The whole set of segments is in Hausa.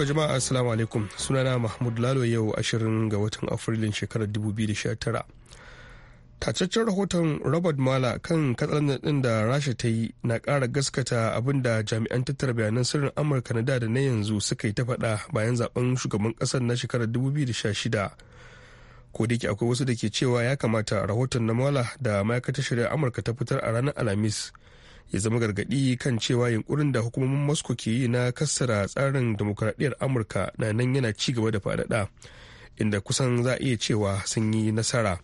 To jama'a assalamu alaikum sunana Mahmud Lalo yau 20 ga watan Afrilun shekarar 2019. Tacaccen rahoton Robert Mala kan katsalar din da Rasha ta yi na kara gaskata abin da jami'an tattara bayanan sirrin Amurka na da da na yanzu suka yi ta faɗa bayan zaben shugaban ƙasar na shekarar 2016. Ko da akwai wasu da ke cewa ya kamata rahoton na Mala da ma'aikatar sharia Amurka ta fitar a ranar Alhamis. ya zama gargaɗi kan cewa yunkurin da hukumomin moscow ke yi na kassara tsarin demokradiyyar amurka na nan yana ci gaba da faɗaɗa inda kusan za a iya cewa sun yi nasara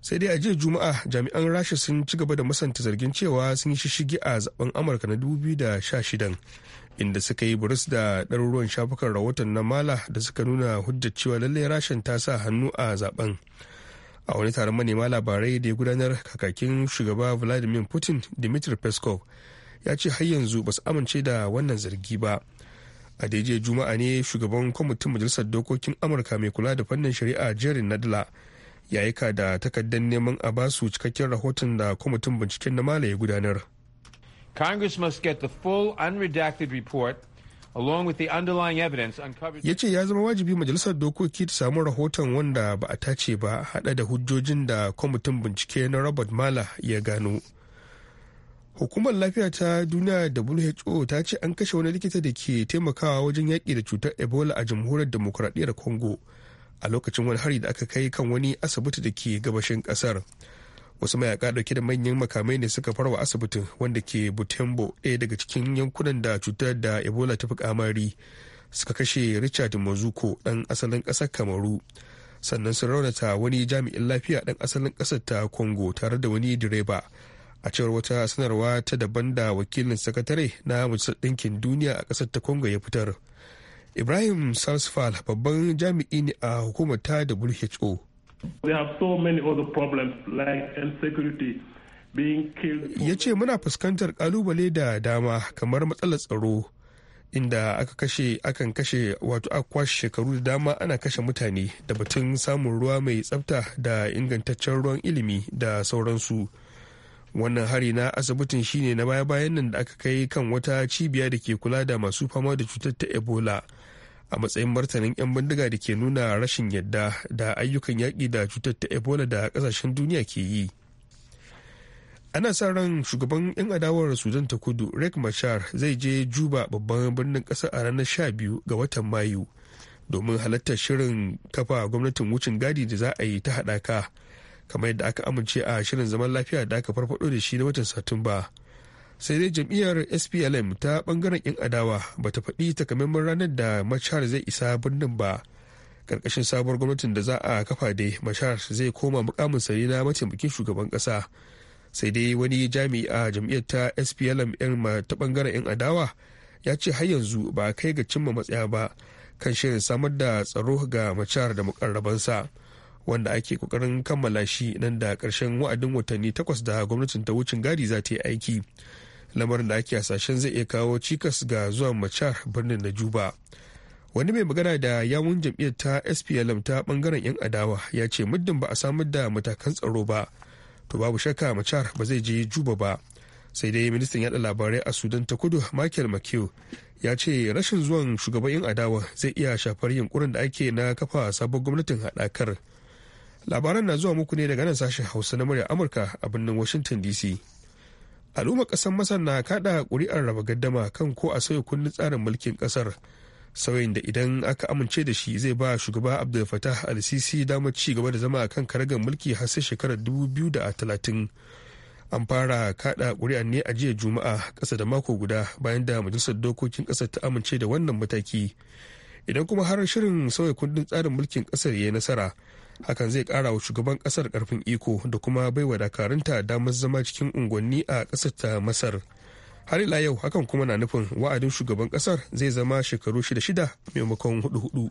sai dai a jiya juma'a jami'an rasha sun ci gaba da masanta zargin cewa sun yi shishigi a zaben amurka na 2016 inda suka yi buris da ɗaruruwan shafukan rahoton na mala da suka nuna hujjar cewa lallai rashin ta sa hannu a zaben a wani taron manema labarai da ya gudanar kakakin shugaba vladimir putin dmitry peskov ya ce har yanzu ba su amince da wannan zargi ba a daidai juma'a ne shugaban kwamitin majalisar dokokin amurka mai kula da fannin shari'a jerry nadla ya aika da takardar neman a basu cikakken rahoton da kwamitin binciken na mala ya gudanar congress must get the full unredacted report ya ce ya zama wajibi majalisar dokoki ta samu rahoton wanda ba a tace ba hada da hujjojin da kwamitin bincike na robert mala ya gano hukumar lafiya ta duniya who ta ce an kashe wani likita da ke taimakawa wajen yaƙi da cutar ebola a jamhuriyar demokuraɗiyyar congo a lokacin wani hari da aka kai kan wani asibiti da ke gabashin ƙasar. kasar wasu mayaka dauke da manyan makamai ne suka farwa asibitin wanda ke butembo ɗaya daga cikin yankunan da cutar da ebola ta fi kamari suka kashe richard mazuko ɗan asalin ƙasar kamaru sannan sun raunata wani jami'in lafiya ɗan asalin ƙasar ta congo tare da wani direba a cewar wata sanarwa ta daban da wakilin sakatare na majalisar ɗinkin duniya a ƙasar ta congo ya fitar ibrahim salsfal babban jami'i ne a hukumar ta who Ya ce muna fuskantar kalubale da dama kamar matsalar tsaro inda aka kashe akan kashe wato akwa shekaru da dama ana kashe mutane da batun samun ruwa mai tsafta da ingantaccen ruwan ilimi da sauransu wannan hari na asibitin shine na baya-bayan nan da aka kai kan wata cibiya da ke kula da masu fama da cutar ta ebola a matsayin martanin 'yan bindiga da ke nuna rashin yadda da ayyukan yaƙi da cutar ta ebola da ƙasashen duniya ke yi ana sa ran shugaban 'yan adawar sudan ta kudu rek machar zai je juba babban birnin ƙasa a ranar 12 ga watan mayu domin halartar shirin kafa gwamnatin wucin gadi da za a yi ta haɗaka kamar yadda aka amince a shirin zaman lafiya da aka farfado da shi na watan satumba. sai dai jam'iyyar splm ta bangaren 'yan adawa ba ta faɗi takamaiman ranar da machar zai isa birnin ba ƙarƙashin sabuwar gwamnatin da za a kafa dai machar zai koma mukamin sani na mataimakin shugaban ƙasa sai dai wani jami'i a jam'iyyar ta splm ta bangaren 'yan adawa ya ce har yanzu ba a kai ga cimma matsaya ba kan shirin samar da tsaro ga machar da mukarrabansa wanda ake kokarin kammala shi nan da karshen wa'adin watanni takwas da gwamnatin ta wucin gadi za ta yi aiki lamarin da ake hasashen zai iya kawo cikas ga zuwa machar birnin na juba wani mai magana da yawun jam'iyyar ta splm ta bangaren 'yan adawa ya ce muddin ba a samar da matakan tsaro ba to babu shakka machar ba zai je juba ba sai dai ministan yada labarai a sudan ta kudu michael mckew ya ce rashin zuwan shugaban 'yan adawa zai iya shafar yunkurin da ake na kafa sabon gwamnatin haɗakar labaran na zuwa muku ne daga nan sashen hausa na murya amurka a birnin washington dc al'umma ƙasar masar na kada ƙuri'ar raba gaddama kan ko a sauya kundin tsarin mulkin ƙasar sauyin da idan aka amince da shi zai ba shugaba abdul fatah al-sisi damar ci gaba da zama kan karagar mulki har sai shekarar 2030 an fara kada ƙuri'a ne a jiya juma'a kasa da mako guda bayan da majalisar dokokin ƙasar ta amince da wannan mataki idan kuma har shirin sauya kundin tsarin mulkin ƙasar ya yi nasara hakan zai kara wa shugaban kasar karfin iko da kuma baiwa dakarunta damar zama cikin unguwanni a kasar ta masar har ila yau hakan kuma na nufin wa'adin shugaban kasar zai zama shekaru shida shida maimakon hudu hudu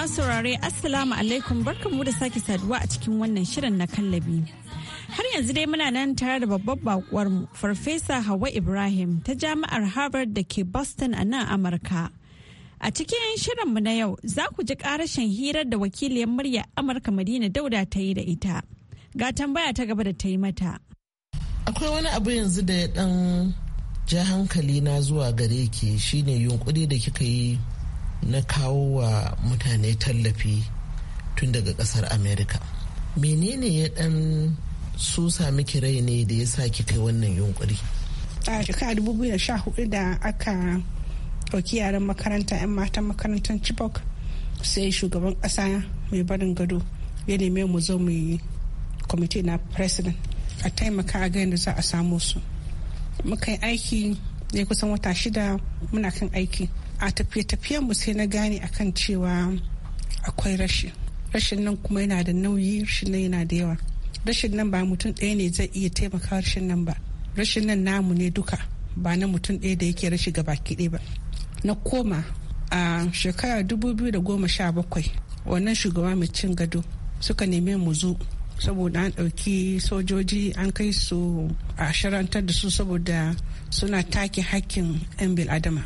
masu saurare Assalamu alaikum mu da sake saduwa a cikin wannan shirin na kallabi. Har yanzu dai muna nan tare da babbar mu Farfesa Hawa Ibrahim ta Jami'ar Harvard da ke Boston a nan Amurka. A cikin shirinmu na yau za ku ji karashin hirar da wakiliyar murya Amurka Madina Dauda ta yi da ita. Ga tambaya ta gaba da ta yi mata. Akwai wani abu yanzu da ya dan ja hankali na zuwa gare ki shine yunkuri da kika yi na kawo wa mutane tallafi tun daga kasar america menene ya dan susa miki rai ne da ya sa ki kai wannan yunkuri a shekara 2014 da aka ɗauki yaran makaranta 'yan matan makarantar chibok sai shugaban ƙasa mai barin gado ya neme mu zo mu yi kwamiti na president a taimaka a ganin da za a samu su muka yi aiki ne kusan wata shida muna kan aiki a tafiye-tafiyen mu sai na gane akan cewa akwai rashi rashin nan kuma yana da nauyi rashin nan yana da yawa rashin nan ba mutum ɗaya ne zai iya taimaka rashin nan ba rashin nan namu ne duka ba na mutum ɗaya da yake rashi gaba ɗaya ba na koma a shekara da goma sha bakwai wannan shugaba mai cin gado suka neme mu zo saboda an ɗauki sojoji an kai su a sharantar da su saboda suna take hakkin 'yan bil'adama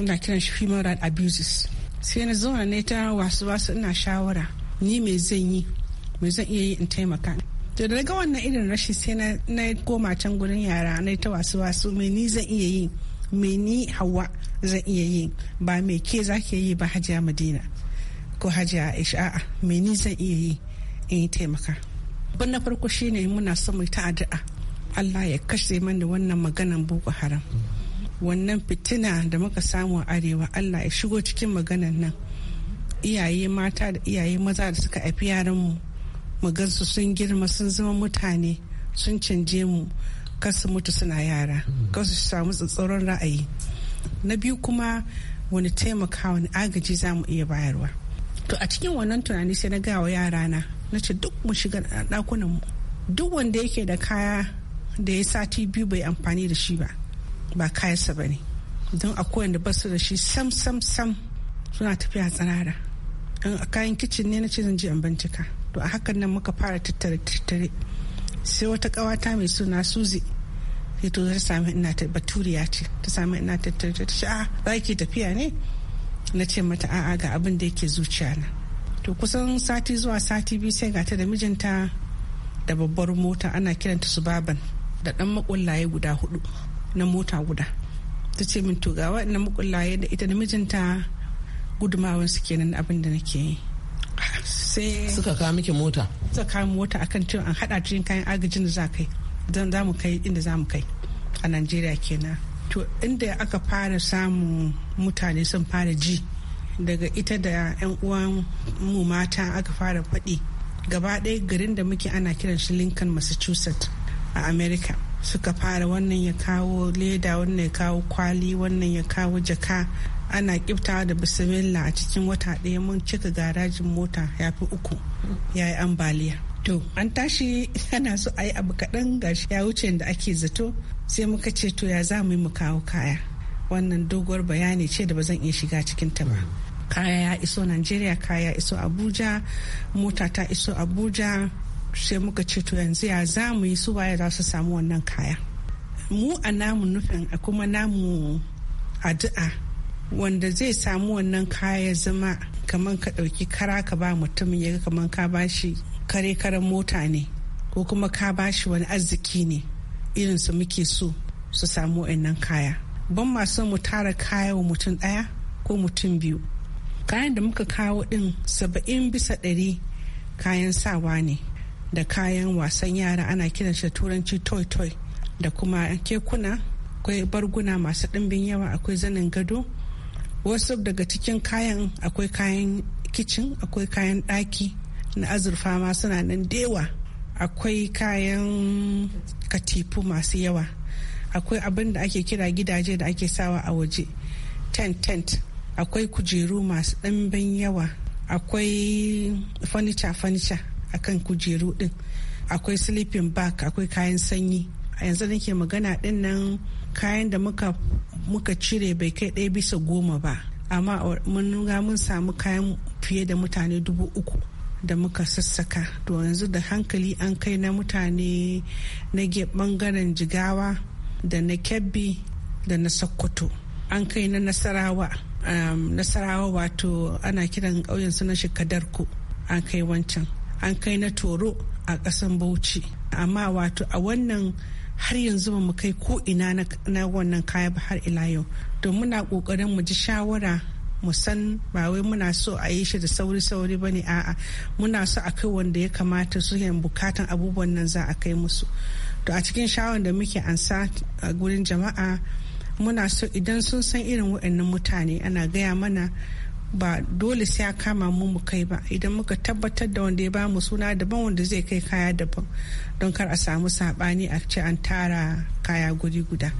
Ina kiran shi human rights abuses sai na zauna ne ta wasu wasu ina shawara ni me zan yi me zan iya yi in taimaka to da ga wannan irin rashin sai na koma can gurin yara na ta wasu wasu me ni zan iya yi me ni hawa zan iya yi ba me ke zake yi ba hajiya madina ko hajiya aisha a me ni zan iya yi in yi taimaka ban na farko shine muna son mu ta addu'a Allah ya kashe mani wannan maganan boko haram wannan fitina da muka samu a arewa allah ya shigo cikin maganan nan iyaye mata da iyaye maza da suka haifi yaranmu mu gansu sun girma sun zama mutane sun canje mu kasu mutu suna yara kasu samu tsatsauran ra'ayi na biyu kuma wani taimaka wani agaji za mu iya bayarwa to a cikin wannan tunani sai na gawa yara na na ce duk mu shiga ɗakunan mu duk wanda yake da kaya da ya sati biyu bai amfani da shi ba ba kayansa ba ne don akwai wanda ba su da shi sam sam sam suna tafiya tsanara in kayan kicin ne na cizon zan je in bincika to a hakan nan muka fara tattare tattare sai wata kawata mai suna suzi sai to ta sami ina ta baturiya ce ta sami ina tattare ta ce ah, za ki tafiya ne na ce mata a'a ga abin da yake zuciya na to kusan sati zuwa sati biyu sai gata da mijinta da babbar mota ana kiranta su baban da dan makullaye guda hudu na mota guda ta ce min to ga waɗannan mukulla da ita da mijinta gudumawan su kenan abin da nake yi sai suka kawo miki mota suka kawo mota akan cewa an hada cikin kayan agajin da za kai don za mu kai inda za mu kai a najeriya kenan to inda aka fara samun mutane sun fara ji daga ita da 'yan uwan mu mata aka fara faɗi gaba ɗaya garin da muke ana kiran shi lincoln massachusetts a america suka fara wannan ya kawo leda wannan ya kawo kwali wannan ya kawo jaka ana kiftawa da bismillah a cikin wata ɗaya mun cika garajin mota ya fi uku ya yi ambaliya to an tashi ana so a yi abu kaɗan gashi ya wuce da ake zato sai muka ce to ya za mu yi mu kawo kaya wannan doguwar bayani ce da ba zan iya shiga cikin ta ba kaya ya iso Najeriya kaya iso Abuja mota ta iso Abuja sai muka ce to yanzu ya za mu yi su waye za su samu wannan kaya mu a namu nufin a kuma namu addu'a wanda zai samu wannan kaya zama kamar ka ɗauki kara ka ba mutumin ya kamar ka ba kare karen mota ne ko kuma ka ba wani arziki ne irin su muke so su samu wannan kaya ban masu mu tara kaya wa mutum ɗaya ko mutum biyu kayan da muka kawo ɗin saba'in bisa ɗari kayan sawa ne da kayan wasan yara ana kiran shi da turanci toy toy da kuma kekuna akwai barguna masu ɗimbin yawa akwai zanin gado wasu daga cikin kayan akwai kayan kicin akwai kayan ɗaki na azurfa ma suna nan dewa akwai kayan katifu masu yawa akwai abin da ake kira gidaje da ake sawa a waje tent tent akwai kujeru masu ɗimbin yawa akwai furniture furniture akan kujeru din akwai sleeping bag akwai kayan sanyi a yanzu nake magana din nan kayan da muka cire bai kai ɗaya bisa goma ba amma mun mun samu kayan fiye da mutane dubu uku da muka sassaka to yanzu da hankali an kai na mutane na bangaren jigawa da na kebbi da na sokoto an kai na nasarawa um, nasarawa wato ana kiran ƙauyen su suna ku an kai wancan an kai na toro a ƙasan bauchi amma wato a wannan har yanzu ba mu kai ko ina na wannan kaya ba har ila yau don muna ƙoƙarin mu ji shawara mu san ba wai muna so a yi shi da sauri sauri ba ne a'a muna so a kai wanda ya kamata su yin bukatan abubuwan nan za a kai musu to a cikin shawarar da muke ansa a gurin jama'a muna so idan sun san irin waɗannan mutane ana gaya mana ba dole sai a kama mu mu kai ba idan muka tabbatar da wanda ya ba mu suna daban wanda zai kai kaya daban don kar a samu sabani a ce an tara kaya guri guda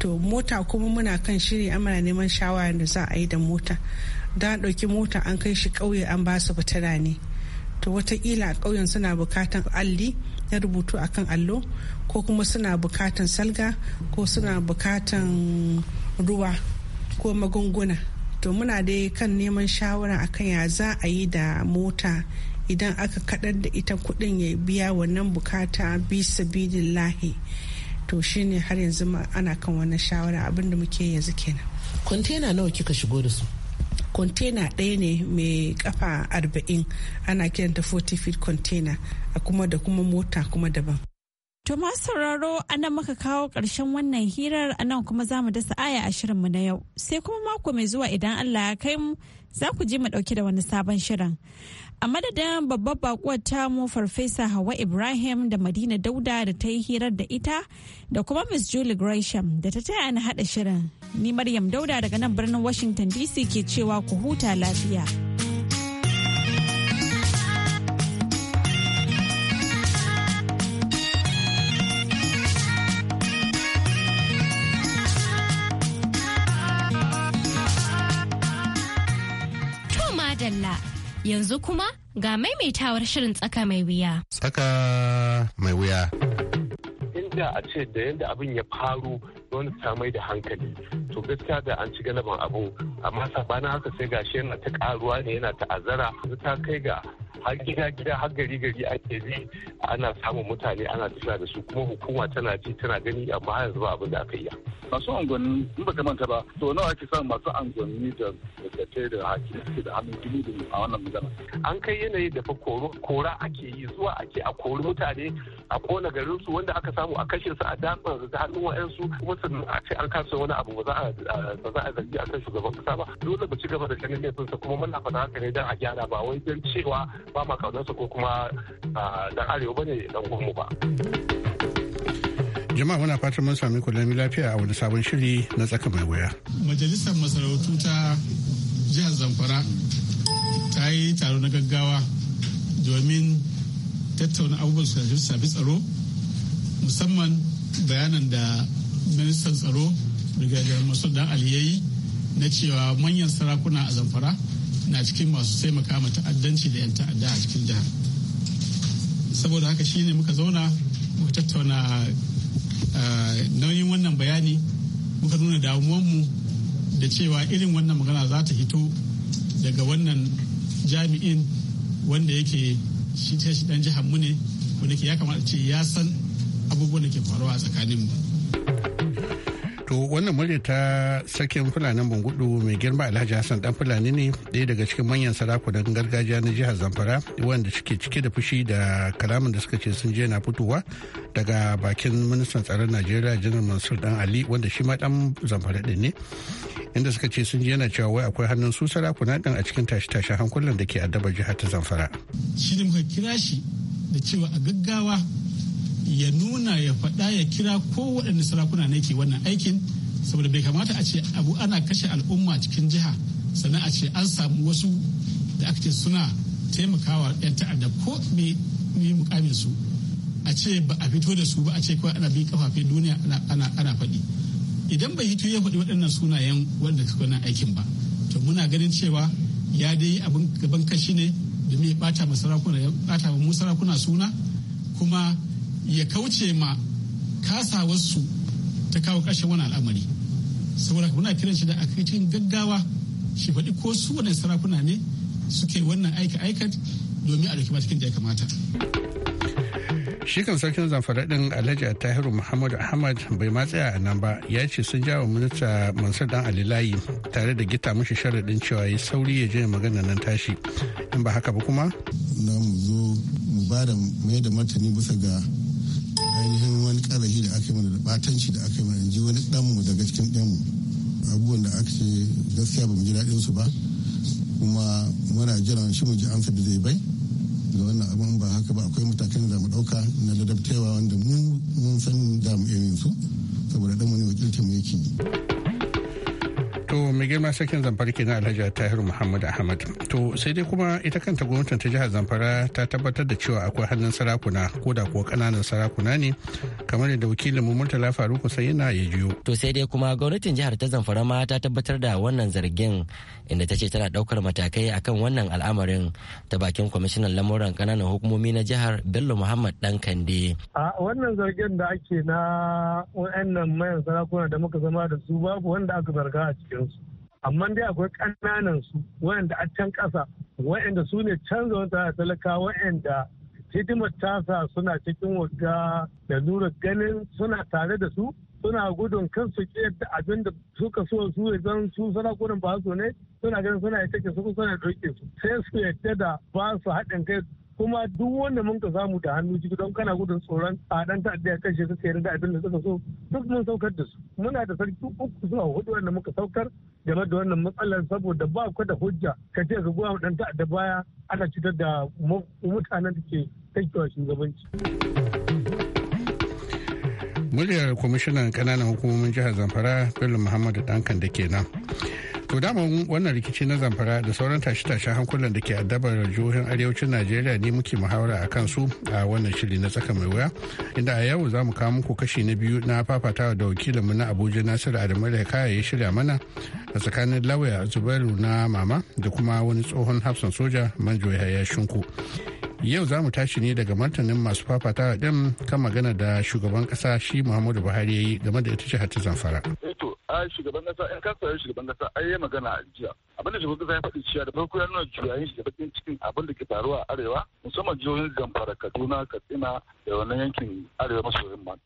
to mota kuma muna kan shiri amana neman shawara da za a yi da mota da ɗauki mota an kai shi ƙauye an ba su ni. ne to watakila a ƙauyen suna bukatan alli ya rubutu akan allo ko kuma suna bukatan salga ko suna bukatan ruwa ko magunguna to muna dai kan neman shawara akan ya za a yi da mota idan aka kadar da ita kudin ya biya wannan bukata bisa bidin lahi to shine har yanzu ana kan wannan shawara abinda muke yanzu kenan kwantena nawa kika shigo da su kwantena ɗaya ne mai kafa arba'in ana kiranta 40 feet container a kuma da kuma mota kuma daban To masu sauraro anan muka kawo ƙarshen wannan hirar a nan kuma za mu dasa aya a shirin mu na yau. Sai kuma mako mai zuwa idan Allah ya kai mu za ku ji mu ɗauki da wani sabon shirin. A madadin babbar bakuwar mu Farfesa Hawa Ibrahim da Madina Dauda da ta yi hirar da ita da kuma Miss Julie Gresham da ta taya ni haɗa shirin. Ni Maryam Dauda daga nan birnin Washington DC ke cewa ku huta lafiya. madalla yanzu kuma ga maimaitawar shirin tsaka mai wuya. Tsaka mai wuya. Inda a ce da yadda abin ya faru wani samai da hankali to gaskiya da an ci galaban abu amma sabanin haka sai gashi yana ta karuwa ne yana ta'azzara ta kai ga har gida gida har gari gari ake bi ana samun mutane ana tafiya da su kuma hukuma tana ji tana gani amma har yanzu ba abin da aka yi masu angonni in ba manta ba to nawa ake samun masu angonni da dakatai da hakim suke da hannun gini da a wannan magana an kai yanayi da fa kora ake yi zuwa ake a kori mutane a kona garin su wanda aka samu a kashe su a dafa da hannun wa'ansu kuma sun a ce an kasa wani abu ba za a zargi a kan shugaban kasa ba dole ba ci gaba da ganin laifinsa kuma muna faɗa haka ne don a gyara ba wai don cewa ba ma kaunarsa ko kuma dan arewa bane dan gwamnu ba. jama'a muna fatan mun sami kulami lafiya a wani sabon shiri na tsaka mai wuya. majalisar masarautu ta jihar zamfara ta yi taro na gaggawa domin tattauna abubuwan su shafi tsaro musamman bayanan da ministan tsaro brigadier masu dan aliyayi na cewa manyan sarakuna a zamfara na cikin masu taimaka ma ta'addanci da 'yan ta'adda a cikin jihar saboda haka shi ne muka zauna muka tattauna eh, nauyin wannan bayani muka nuna damuwanmu da cewa irin wannan magana za ta hito daga wannan jami'in wanda yake shi ta shi dan jihar mu ne wanda ya kamata ce ya san abubuwan da ke faruwa a tsakaninmu. To wannan murya ta sarkin Fulanin Bungudu mai girma Alhaji Hassan dan Fulani ne daya daga cikin manyan sarakunan gargajiya na jihar Zamfara wanda suke cike da fushi da kalamin da suka ce sun je na fitowa daga bakin ministan tsaron Najeriya Janar Mansur Dan Ali wanda shi ma dan Zamfara ɗin ne inda suka ce sun je yana cewa wai akwai hannun su sarakuna din a cikin tashe-tashen hankulan da ke addaba jihar ta Zamfara. Shi da muka kira shi da cewa a gaggawa ya nuna ya faɗa ya kira ko waɗanne sarakuna ne ke wannan aikin saboda bai kamata a ce abu ana kashe al'umma cikin jiha sannan a ce an samu wasu da aka ce suna taimakawa 'yan ta'adda ko me mukamin su a ce ba a fito da su ba a ce kawai ana bin kafafen duniya ana faɗi idan bai hito ya faɗi waɗannan sunayen wanda suka wannan aikin ba to muna ganin cewa ya dai abin gaban kashi ne domin ya ɓata ma ya ɓata mu sarakuna suna kuma ya kauce ma kasawarsu ta kawo ƙarshen wani al'amari saboda muna kiran shi da a cikin gaggawa shi faɗi ko su wani sarakuna ne suke wannan aika aikat domin a ɗauki cikin da ya kamata. shi kan sarkin zamfara ɗin alhaji tahiru muhammadu ahmad bai ma a nan ba ya ce sun jawo minista mansur dan alilayi tare da gita mushi sharaɗin cewa ya sauri ya je magana nan tashi in ba haka ba kuma na mu zo mu ba da mai da martani bisa ga batanci da aka yi mana ji wani ɗanmu daga cikin ɗanmu abubuwan da aka ce gaskiya ba mu ji daɗin su ba kuma muna jiran shi mu ji an da zai bai da wannan abin ba haka ba akwai matakan da mu ɗauka na ladabtewa wanda mun san da mu irin su saboda ɗanmu ne wakilcin mu yake yi. to mai girma sakin zamfara kenan alhaji tahir muhammad ahmad to sai dai kuma ita kanta gwamnatin ta jihar zamfara ta tabbatar da cewa akwai hannun sarakuna ko da kuwa kananan sarakuna ne kamar da wakilin mu murtala faruku sai yana ya jiyo to sai dai kuma gwamnatin jihar ta zamfara ma ta tabbatar da wannan zargin inda ta ce tana ɗaukar matakai akan wannan al'amarin ta bakin kwamishinan lamuran kananan hukumomi na jihar bello muhammad dan kande a wannan zargin da ake na wayannan mayan sarakuna da muka zama da su babu wanda aka zarga a cikin garinsu amma dai akwai ƙananan su wayanda a can ƙasa wayanda su ne canza wata talaka wayanda hidimar tasa suna cikin wagga da nura ganin suna tare da su suna gudun kan su yadda abin da suka so su zan su gudun ba su ne suna ganin suna yi take su suna ɗauke su sai su yadda da ba su haɗin kai kuma duk wanda mun ka samu da hannu ciki don kana gudun tsoron a dan ta'adda ya kashe suka yarda abin da suka so duk mun saukar da su muna da sarki uku zuwa hudu wanda muka saukar game da wannan matsalar saboda ba ku da hujja ka ce ka goya dan ta'adda baya ana cutar da mutanen da ke kankewa shugabanci. muryar kwamishinan kananan hukumomin jihar zamfara bello muhammadu dankan da ke nan To dama wannan rikici na zamfara da sauran tashe-tashen hankulan da ke addabar jihohin arewacin Najeriya ne muke muhawara a kansu a wannan shiri na tsaka mai wuya. Inda a yau za mu kawo muku kashi na biyu na fafatawa da wakilinmu na Abuja Nasiru Adamu da kaya ya shirya mana a tsakanin lauya Zubairu na mama da kuma wani tsohon hafsan soja Manjo Yahaya Shinku. Yau za mu tashi ne daga martanin masu fafatawa din kan magana da shugaban kasa shi Muhammadu Buhari ya yi game da ita jihar ta Zamfara. a shugaban kasa in kasa ya shugaban kasa ai ya magana a jiya abinda shugaban kasa ya faɗi cewa da farko ya nuna juyayin shi da bakin cikin abin da ke faruwa a arewa musamman jihohin zamfara kaduna katsina da wannan yankin arewa maso yamma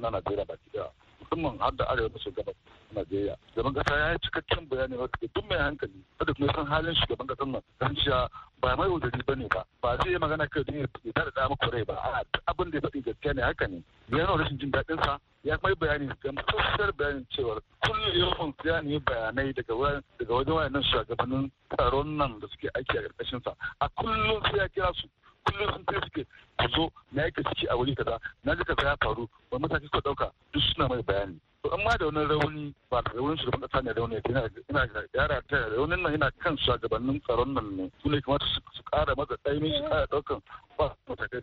na najeriya baki daya musamman har da arewa maso gabas Najeriya. Gaban kasa ya yi cikakken bayani wata duk mai hankali wanda kuma san halin shugaban kasan nan kan cewa ba mai wudari ba ne ba ba zai yi magana kai don ya tada da muku rai ba a abin da ya faɗi gaskiya ne haka ne yana rashin jin daɗin sa ya mai bayani gamsasshen bayanin cewa kullum yawan ya ne bayanai daga wajen wayannan shugabannin tsaron nan da suke aiki a ƙarƙashin sa a kullum sai ya kira su kullum sun kai suke ku zo na yake ciki a wuri kaza na ji kaza ya faru wani mataki ko dauka duk suna mai bayani to amma da wani rauni ba da raunin shugaban kasa ne rauni yana yara ta raunin nan yana kan shugabannin tsaron nan ne su ne kamata su kara maza ɗaimi su kara daukan ba matakai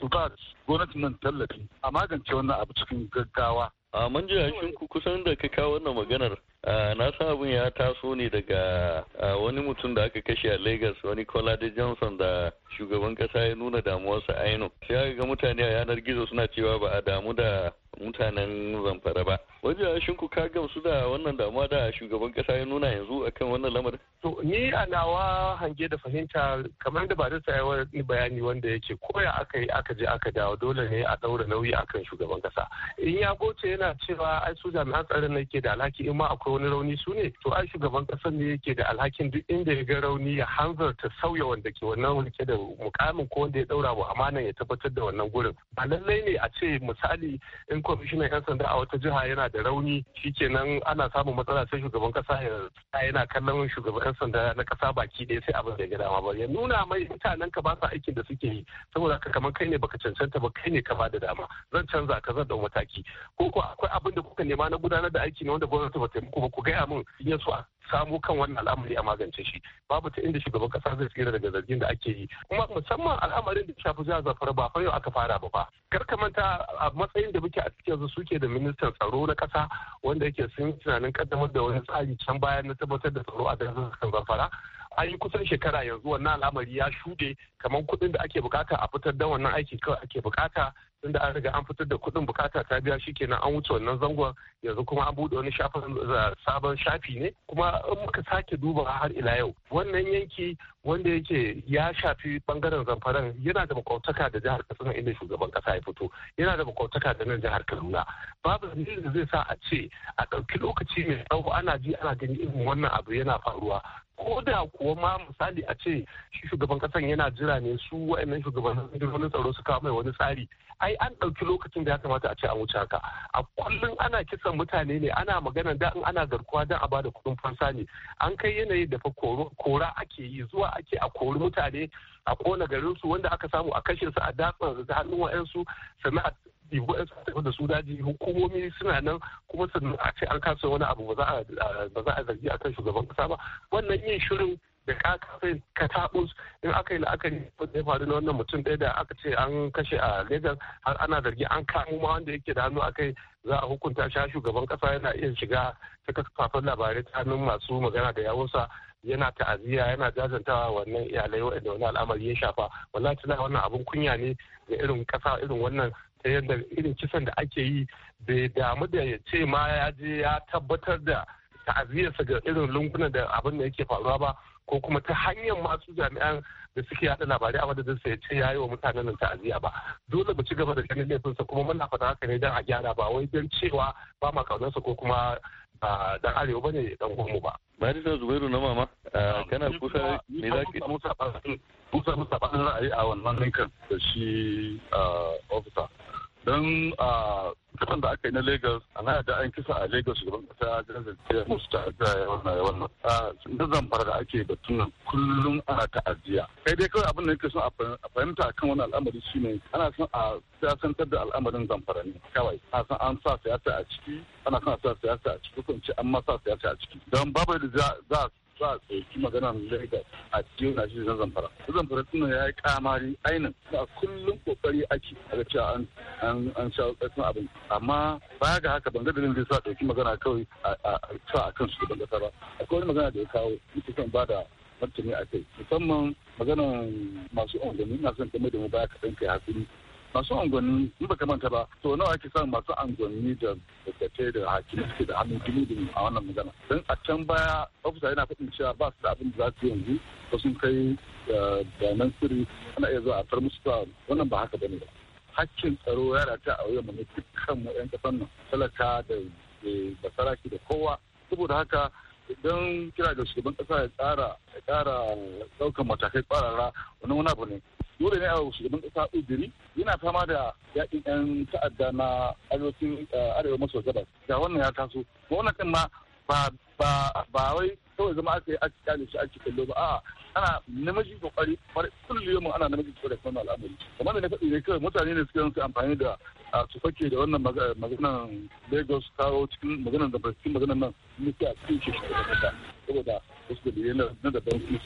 su ba gwamnatin nan tallafi a magance wannan abu cikin gaggawa a manja shin ku kusan da ka kawo wannan maganar na san abin ya taso ne daga wani mutum da aka kashe a Lagos wani Kolade Johnson da shugaban kasa ya nuna damuwarsa aino sai aka ga mutane a yanar gizo suna cewa ba a damu da mutanen zamfara ba wajen ku ka gamsu da wannan damuwa da shugaban kasa ya nuna yanzu akan wannan lamarin? To ni a nawa hange da fahimta kamar da ba da sai wani bayani wanda yake koya aka yi aka je aka dawo dole ne a daura nauyi akan shugaban kasa. In ya goce yana cewa ai su jami'an tsaron ne ke da alhaki in ma akwai wani rauni su ne to ai shugaban kasar ne yake da alhakin duk inda ya ga rauni ya hanzarta sauya wanda ke wannan wanke da mukamin ko wanda ya daura wa amana ya tabbatar da wannan gurin. Ba lallai ne a ce misali in kwamishinan 'yan sanda a wata jiha yana da rauni shi shikenan ana samun matsala sai shugaban kasa ya yana kallon shugaban yan sanda na kasa baki ɗaya sai abin da ya dama ba ya nuna mai mutanen ka ba sa aikin da suke yi saboda haka kamar kai ne baka cancanta ba kai ne ka ba da dama zan canza ka zan dau mataki ko ko akwai abin da kuka nema na gudanar da aiki ne wanda gwamnati ba ta muku ba ku gaya min in ya so a samu kan wannan al'amari a magance shi babu ta inda shugaban kasa zai tsira daga zargin da ake yi kuma musamman al'amarin da shafi jihar zafara ba fa yau aka fara ba ba kar ka manta a matsayin da muke a cikin yanzu suke da ministan tsaro na kasa wanda yake sun tunanin kaddamar da wani tsari can bayan na tabbatar da tsaro a jihar zafara an yi kusan shekara yanzu wannan al'amari ya shuɗe kamar kuɗin da ake bukata a fitar da wannan aiki kawai ake bukata tunda an riga an fitar da kuɗin bukata ta biya shi kenan an wuce wannan zangon yanzu kuma an buɗe wani shafin eh, sabon shafi ne kuma in muka sake duba har ila yau wannan yanki wanda yake ya shafi bangaren zamfaran yana da makwautaka da jihar katsina inda shugaban kasa ya fito yana da makwautaka da nan jihar kaduna babu dalilin da zai sa a ce a ɗauki lokaci mai tsawo ana ji ana gani irin wannan abu yana faruwa ko da kuwa ma misali a ce shi shugaban kasan yana jira ne su wa'annan shugabannin tsaro su kawo mai wani tsari ai an ɗauki lokacin da ya kamata a ce a wuce haka a kullum ana kisan mutane ne ana magana da in ana garkuwa don a bada kuɗin fansa ne an kai yanayi da fa kora ake yi zuwa ake a kori mutane a kona garin su wanda aka samu a kashe su a datsan da hannun wa'yansu sannan a a taɓa da su daji hukumomi suna nan kuma sannan a ce an kasa wani abu ba za a zargi akan shugaban kasa ba wannan yin shirin da ka kafin ka tabus in aka yi la'akari ya faru na wannan mutum ɗaya da aka ce an kashe a Legas har ana zargi an kamo ma wanda yake da hannu akai za a hukunta shi shugaban kasa yana iya shiga ta kafafen labarai ta hannun masu magana da yawunsa yana ta'aziyya yana jajantawa wannan iyalai waɗanda wani al'amari ya shafa wallahi tana wannan abun kunya ne ga irin kasa irin wannan ta yadda irin kisan da ake yi bai damu da ya ce ma ya je ya tabbatar da ta'aziyyarsa ga irin lungunan da abin da yake faruwa ba ko kuma ta hanyar masu jami'an da suke yada labarai a madadin sa ya ce ya yi wa mutanen nan ta'aziyya ba dole mu ci gaba da ganin sa kuma muna fata haka ne don a gyara ba wai dan cewa ba ma kaunarsa ko kuma dan arewa bane dan gwamnu ba. Barisa Zubairu na mama kana kusa me za ki musa musa ra'ayi a wannan linkan da shi ofisa. don a kasan da aka yi na lagos na da an kisa a lagos shugaban kasa jazance musu ta'aziyya ya wannan ya wannan zan zamfara da ake da tunan kullum ana ta'aziyya kai dai kawai abin da yake son a fahimta akan wani al'amari ne ana son a siyasantar da al'amarin zamfara ne kawai ana son an sa siyasa a ciki ana son a sa siyasa a ciki Kuma in ce an ma sa siyasa a ciki don babu yadda za a za a ɗauki maganar Lagos a cikin na shi na zamfara. Zamfara tuna ya yi kamari ainin a kullum kokari ake a cewa an sha ƙarfin abin. Amma baya ga haka ban ga dalilin zai sa tsoki magana kawai a sa a kansu shugaban ƙasa ba. Akwai wani magana da ya kawo ita kan ba da martani a kai musamman maganar masu ungani na son game da mu baya kaɗan kai hakuri masu angonni in baka manta ba to nawa ake samun masu angonni da dakatai da hakimi suke da hannun gini a wannan magana don a can baya ofisa yana faɗin cewa ba su da abin da za su yanzu ko sun kai eh, nan siri ana iya zuwa a far musu ba wannan ba haka ba ne ba hakkin tsaro ya rata a wuyan mu dukkan mu 'yan kasan nan talaka da basaraki da kowa saboda haka idan kira da shugaban kasa ya tsara ya tsara daukan matakai kwarara wani wani abu ne dole ne a shugaban kasa udiri yana fama da yakin yan ta'adda na arewacin eh, arewa maso gabas ga wannan ya taso wannan kan ma ba ba ba wai kawai zama aka yi aka kyale shi ake kallo ba a'a ana namiji kokari kullum mu ana namiji kokari kan al'amari kamar da na faɗi ne kawai mutane ne suke su amfani da a su fake da wannan maganan Lagos kawo cikin maganan da cikin maganan nan muke a cikin shi saboda wasu da na daban su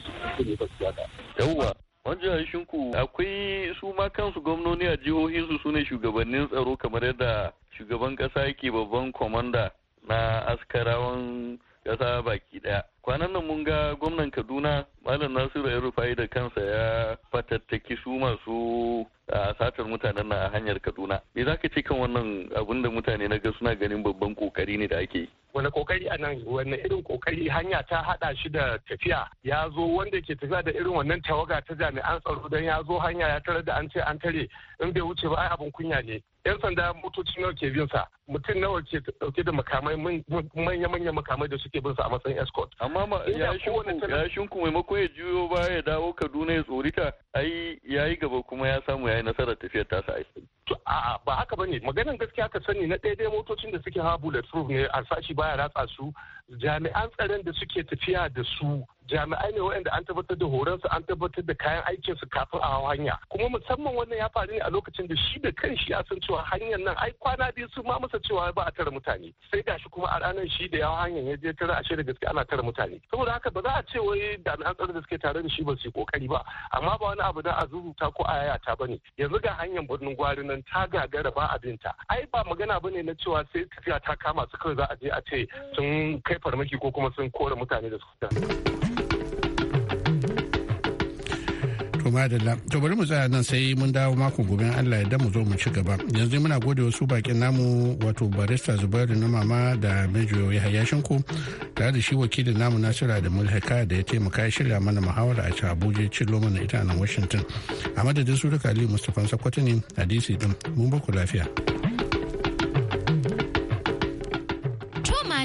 ne ba su yada yawwa Wajen shinku akwai su ma kansu gwamnoni a jihohin su sune shugabannin tsaro kamar yadda shugaban kasa yake babban kwamanda na askarawan kasa baki daya. kwanan nan mun ga gwamnan kaduna malam nasiru ya rufai da kansa ya fatattaki su masu a satar mutanen na a hanyar kaduna me za ka ce kan wannan abin da mutane na ga suna ganin babban kokari ne da ake yi wani kokari a nan wani irin kokari hanya ta hada shi da tafiya ya zo wanda ke tafiya da irin wannan tawaga ta jami'an tsaro don ya zo hanya ya tare da an ce an tare in bai wuce ba ai abin kunya ne yan sanda motoci nawa ke bin sa mutum nawa ke dauke da makamai manya-manya makamai da suke bin sa a matsayin escort amma ya mako ya juyo baya ya dawo kaduna ya tsorita ai yayi gaba kuma ya samu yayi yi nasarar tafiyar ta ai to a ba haka bane maganan gaskiya ka sani na daidai motocin da suke hawa proof ne a sashi baya ratsa su jami'an tsaron da suke tafiya da su jami'ai ne waɗanda an tabbatar da horonsu an tabbatar da kayan aikin su kafin a hawa hanya kuma musamman wannan ya faru ne a lokacin da shi da kanshi ya san cewa hanyar nan ai kwana biyu su ma masa cewa ba a tara mutane sai gashi kuma a ranar shi da yawa hanyar ya je tara ashe da gaske ana tara mutane saboda haka ba za a ce wai jami'an tsaron da suke tare da shi ba su yi kokari ba amma ba wani abu da a zuzuta ko a yayata ba ne yanzu ga hanyar birnin gwari nan ta gagara ba abinta ai ba magana ba ne na cewa sai tafiya ta kama su kawai za a je a ce sun kai farmaki ko kuma sun kore mutane da suka to bari mu tsaya nan sai mun dawo mako gobe Allah ya mu zo mu ci gaba yanzu muna gode wasu bakin namu wato barista Zubairu na mama da Mejo Yahaya Shinku tare da shi wakilin namu Nasira da Mulhaka da ya taimaka ya shirya mana muhawara a can Abuja cillo mana ita nan Washington a madadin su duka Aliyu Mustapha Sakwato ne a DC din mun ba ku lafiya.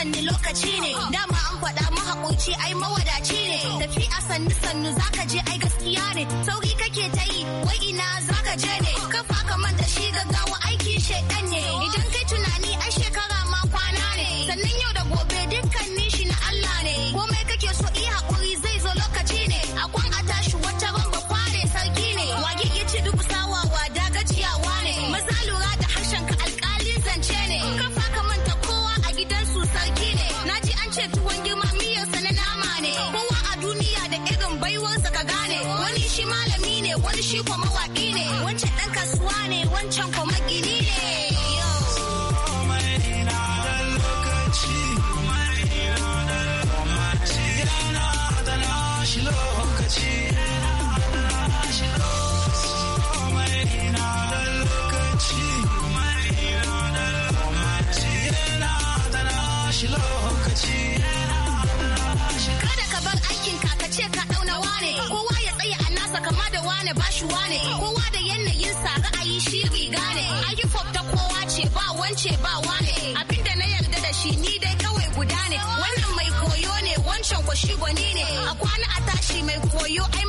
sanni lokaci ne dama an faɗa mahaƙoci ai mawadaci ne tafi a sanni sannu zaka je ai gaskiya ne sauri kake ta yi wai ina zaka je ne ce tuwon girma miyarsa na nama ne kowa a duniya da irin baiwarsa ka gane wani shi malami ne wani shi kuma mawaƙi ne wancan ɗan kasuwa ne wancan kuma wane bashi wane kowa da yanayin sa ra'ayi shi riga ne ayyukan ta kowa ce ba wance ba wane abinda na yarda da shi ni dai kawai guda ne wannan mai koyo ne wancan shi gwani ne a kwana a tashi mai koyo